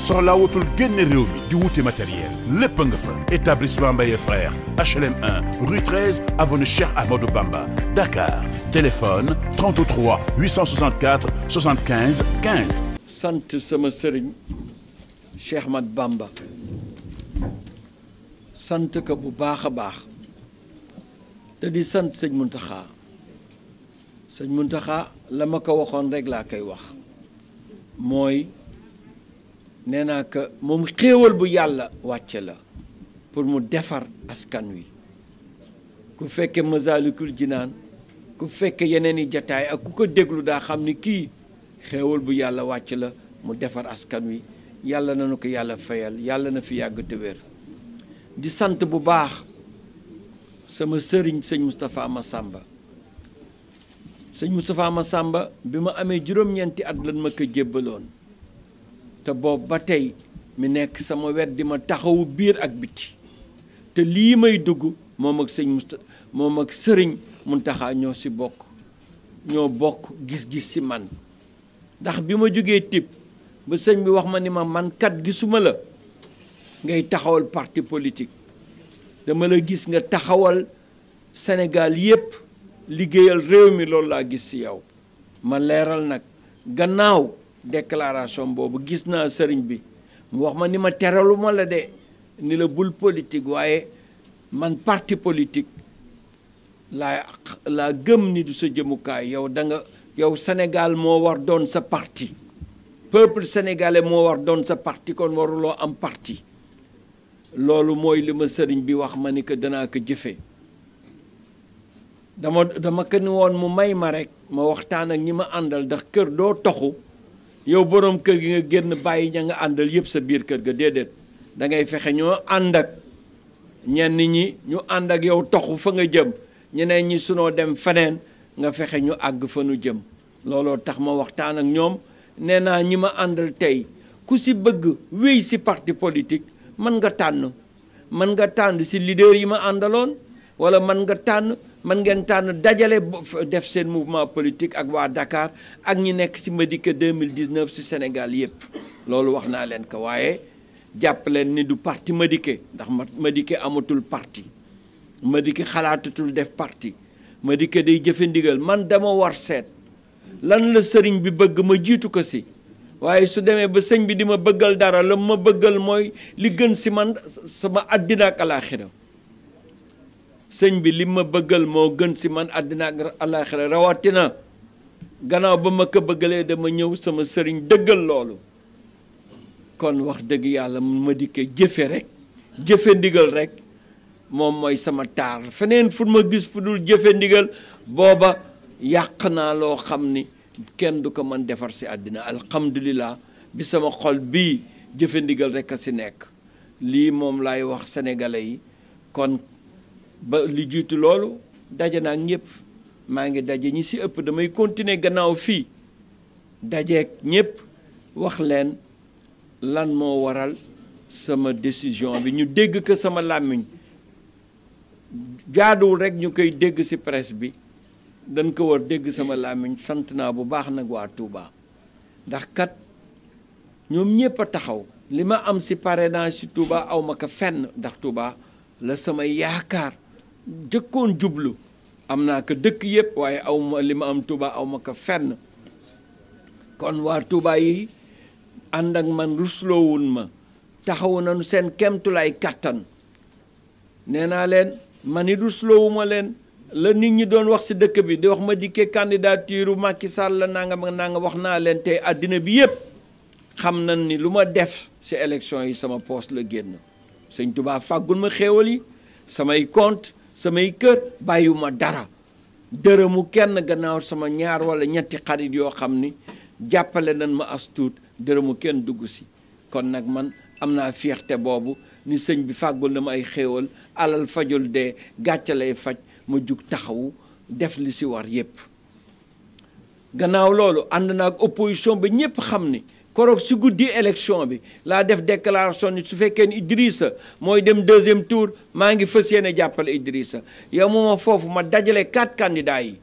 soxlaa wutul génne réew mi di wuti matériel lépp nga fa établissement Mbaye frère HLM 1 rue 13 avenue Cheikh Amadou Bamba Dakar téléphone sant sama sëriñ Cheikh Mat Bamba sant ko bu baax a baax te di sant sëñ Muntaxa sëñ Muntaxa la ma ko waxoon rek laa koy wax mooy. nee na que moom xéewal bu yàlla wàcce la pour mu defar askan wi ku fekke Masaalikul Jinaan ku fekke yeneen i jataay ak ku ko déglu daa xam ni kii xéewal bu yàlla wàcc la mu defar askan wi yàlla na nu ko yàlla fayal yàlla na fi yàgg te di sant bu baax sama sëriñ sëñ sàmba Massamba sëñ Moustapha sàmba bi ma amee juróom-ñeenti at lan ma ko jébbaloon te boobu ba tey mi nekk sama wet di ma taxawu biir ak biti te lii may dugg moom ak sëñ Musta moom ak sëriñ Muntaxa ñoo si bokk ñoo bokk gis-gis ci man ndax bi ma jógee tib ba sëñ bi wax ma ni ma mankat kat gisuma la ngay taxawal parti politique dama la gis nga taxawal senegal yépp liggéeyal réew mi loolu laa gis ci yow ma leeral nag gannaaw déclaration boobu gis naa sëriñ bi mu wax ma ni ma teralu ma la de ni la bul politique waaye man parti politik laa laa gëm ni du sa jëmukaay yow danga yow senegal moo war doon sa parti peuple sénégalais moo war doon sa parti kon waruloo am parti loolu mooy li ma sëriñ bi wax ma ni ko danaa ko jëfe dama dama ko ni woon mu may ma rek ma waxtaan ak ñi ma àndal ndax kër doo toxu yow boroom kër gi nga génn bàyyi ña nga àndal yëpp sa biir kër ga déedéet da ngay fexe ñoo ànd ak ñenn ñi ñu ànd ak yow toxu fa nga jëm ñeneen ñi sunoo dem feneen nga fexe ñu àgg fa nu jëm looloo tax ma waxtaan ak ñoom nee naa ñi ma àndal tey ku si bëgg wéy si parti politique mën nga tànn mën nga tànn si leader yi ma àndaloon wala mën nga tànn man ngeen tànn dajale def seen mouvement politique ak waa dakaar ak ñi nekk ci Madické 2019 ci Sénégal yépp loolu wax naa leen ko waaye jàpp leen ni du parti ma Madické ndax ma ma dikke amatul parti ma Madické xalaatatul def parti ma Madické day jëfe ndigal man dama war seet lan la sëriñ bi bëgg ma jiitu ko si waaye su demee ba sëñ bi di ma bëggal dara la ma bëggal mooy li gën si man sama àddina ak alaaxira sëñ bi li ma bëggal moo gën si man àddina ak àllaaxira rawatina gannaaw ba ma ko bëggalee dama ñëw sama sëriñ dëggal loolu kon wax dëgg yàlla ma dikk jëfe rek jëfe ndigal rek moom mooy sama taar feneen fu ma gis fu dul jëfe ndigal booba yàq naa loo xam ni kenn du ko mën defar si àddina alhamdulilah bi sama xol bii jëfe ndigal rek a si nekk lii moom laay wax sénégalais yi kon ba li jiitu loolu daje naa ñëpp maa ngi daje ñi si ëpp damay continuer gannaaw fii dajeek ñëpp wax leen lan moo waral sama décision bi ñu dégg ko sama làmmiñ jaaduwul rekk ñu koy dégg ci presse bi dañ ko war dégg sama làmmiñ sant naa bu baax nag waa Touba ndax kat ñoom ñëpp a taxaw li ma am ci parrainage ci Touba aw ma ko fenn ndax Touba la sama yaakaar jëkkoon jublu am naa ko dëkk yëpp waaye awma li ma am tubaa awma ko fenn kon waa Touba yi ànd ak man rusloowun taxawu nañu seen kemtulaay kàttan nee naa leen ma it rusloowuma leen la nit ñi doon wax si dëkk bi di wax ma dikkee candidature Macky Sall la nangam ak nangam wax naa leen tey àddina bi yëpp xam nañ ni lu ma def ci élection yi sama poste la génn sëñ Touba fàggul ma xéewal yi samay kont samay kër bàyyiwuma dara dërëmu kenn gannaaw sama ñaar wala ñetti xarit yoo xam ni jàppale nañ ma as tuut dërëmu kenn dugg si kon nag man am naa fierté boobu ni sëñ bi fàggul na ma ay xéewal alal fajul de gàcce faj ma jug taxawu def li si war yépp gannaaw loolu ànd na ak opposition ba ñépp xam ni koroog si guddi élection bi laa def déclaration ni su fekkee ni Idrissa mooy dem deuxième tour maa ngi fas yéene jàppale Idrissa yow mooma foofu ma dajale quatre candidats yi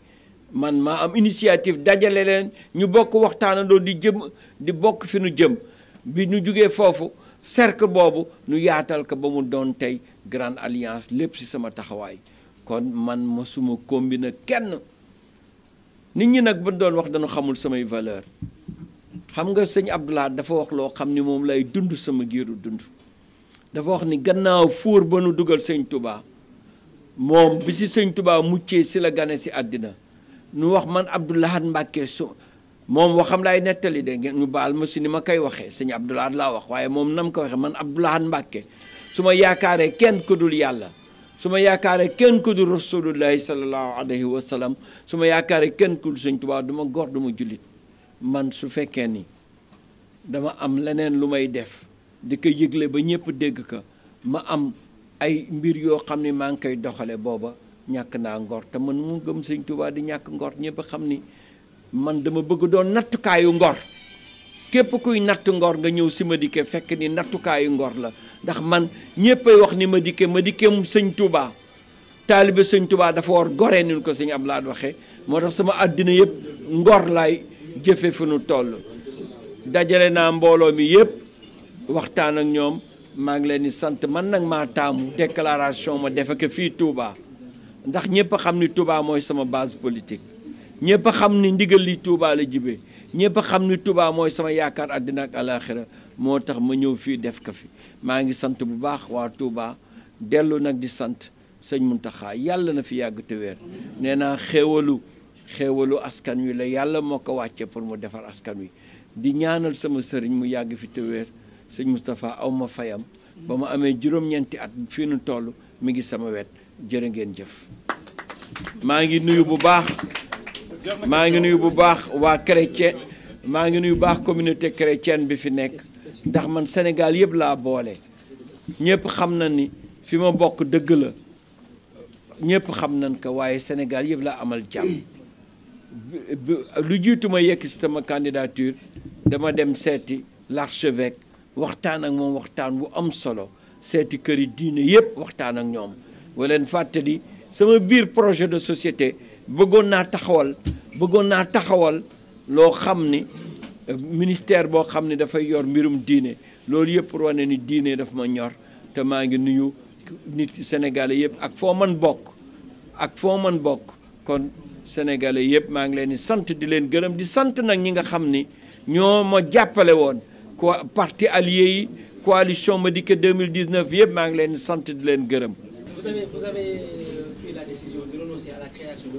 man ma am initiative dajale leen ñu bokk waxtaanandoo di jëm di bokk fi nu jëm bi ñu jugee foofu cercle boobu nu yaatal ko ba mu doon tey grande alliance lépp si sama taxawaay kon man ma suma combiner kenn nit ñi nag ba doon wax dañu xamul samay valeur xam nga sëñ Abdoulaye dafa wax loo xam ni moom lay dund sama giiru dund dafa wax ni gannaaw fóor ba nu dugal sëñ tubaa moom bi si sëñ tubaa muccee si la gane si àddina nu wax man Abdoulaye Mbacke su moom waxam laay nettali de ngeen baal ma si ni ma koy waxee sëñ Abdoulaye laa wax waaye moom nam ko waxee man Abdoulaye Mbacke su ma yaakaaree kenn ku dul yàlla su ma yaakaaree kenn ku dul rasulullahi sallallahu alayhi wa sallam su ma yaakaaree kenn ku dul sëñ Touba du ma góor du jullit. man su fekkee ni dama am leneen lu may def di ko yëgle ba ñëpp dégg ko ma am ay mbir yoo xam ni maa ngi koy doxale booba ñàkk naa ngor te man mu gëm sëñ Tuubaa di ñàkk ngor ñëpp xam ni man dama bëgg doon nattukaayu ngor képp kuy natt ngor nga ñëw si Madické fekk ni nattukaayu ngor la ndax man ñëppay wax ni ma Madické mu sëñ Tuubaa taalibe sëñ Tuubaa dafa war gore ni ko sëñ laa waxee moo tax sama àddina yëpp ngor laay jëfe fu nu toll dajale naa mbooloo mi yëpp waxtaan ak ñoom maa ngi leen di sant man nag maa taamu déclaration ma defe ko fii Touba ndax ñëpp xam ni Touba mooy sama baas politique ñëpp xam ni ndigal li Touba la jibee ñëpp xam ni Touba mooy sama yaakaar àddina ak alaxira moo tax ma ñëw fii def ko fi maa ngi sant bu baax waa Touba dellu nag di sant sëñ Muntaxa yàlla na fi yàgg te wér nee naa xéewalu xéewalu askan wi la yàlla moo ko wàcce pour mu defar askan wi di ñaanal sama sëriñ mu yàgg fi te wér sëñ Moustapha aw fayam ba ma amee juróom-ñeenti at fii nu toll mi ngi sama wet jërë ngeen jëf maa ngi nuyu bu baax maa ngi nuyu bu baax waa chrétien maa ngi nuyu bu baax communauté chrétienne bi fi nekk ndax man Sénégal yëpp laa boole ñëpp xam na ni fi ma bokk dëgg la ñëpp xam nañ ko waaye senegal yëpp laa amal jàmm lu jiitu ma yekk si sama candidature dama dem seeti l'archevêque waxtaan ak moom waxtaan bu am solo seeti kër yi diine yëpp waxtaan ak ñoom waleen fàttali sama biir projet de société bëggoon naa taxawal bëggoon naa taxawal loo xam ni ministère boo xam ne dafay yor mbirum diine loolu yëpp pour ni diine dafa ma ñor te maa ngi nuyu nit Sénégalais yëpp ak foo man bokk ak foo man bokk kon sénégalais yëpp maa ngi leen di sant di leen gërëm di sant nag ñi nga xam ni ñoo ma jàppale woon ko parti allié yi coalition Madické 2019 yëpp maa ngi leen sant di leen gërëm. vous avez vous avez euh, pris la décision de renoncer à sur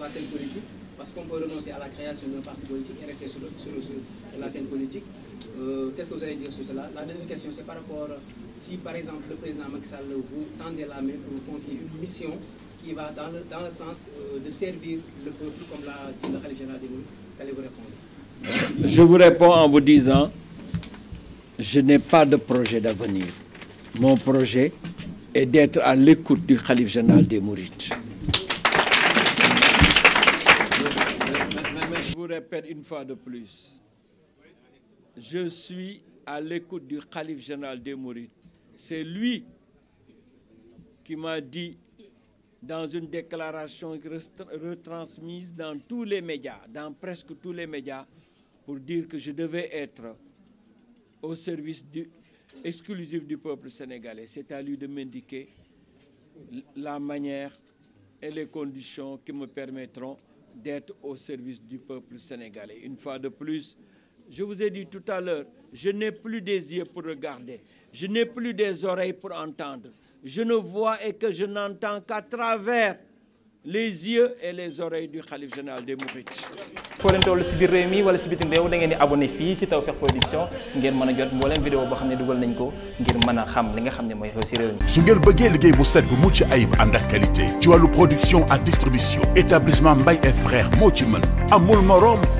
la scène politique parce qu'on peut renoncer à la création d'un parti politique et rester sur, le, sur, le, sur la scène politique euh, qu'est-ce que vous allez dire sur cela la dernière c'est par rapport. si par exemple le président Macky Sall vous tendez la main pour vous confier une mission qui va dans le, dans le sens euh, de servir le peuple, comme l'a dit le Khalif général des Mourides, qu'allez-vous répondre Je vous réponds en vous disant, je n'ai pas de projet d'avenir. Mon projet est d'être à l'écoute du Khalif général des Mourides. Je vous répète une fois de plus, je suis à l'écoute du Khalif général des Mourides. C'est lui qui m'a dit dans une déclaration retransmise dans tous les médias, dans presque tous les médias, pour dire que je devais être au service du, exclusif du peuple sénégalais. C'est à lui de m'indiquer la manière et les conditions qui me permettront d'être au service du peuple sénégalais. Une fois de plus, je vous ai dit tout à l'heure, je n'ai plus des yeux pour regarder, je n'ai plus des oreilles pour entendre. Je ne vois et que je n'entends qu'à travers les yeux et les oreilles du khalife général des Mourides. foo leen toll si biir réew mi wala si bitim réew da ngeen di abonné fii si Tawfekh Production ngeen mën a jot mboolem vidéo boo xam ne dugal nañ ko ngir mën a xam li nga xam ne mooy xew si réew mi. su ngeen bëggee liggéey bu set bu mucc ayib ànd ak qualité. ci wàllu production ak distribution. établissement Mbaye et frères moo ci mën. amul morom.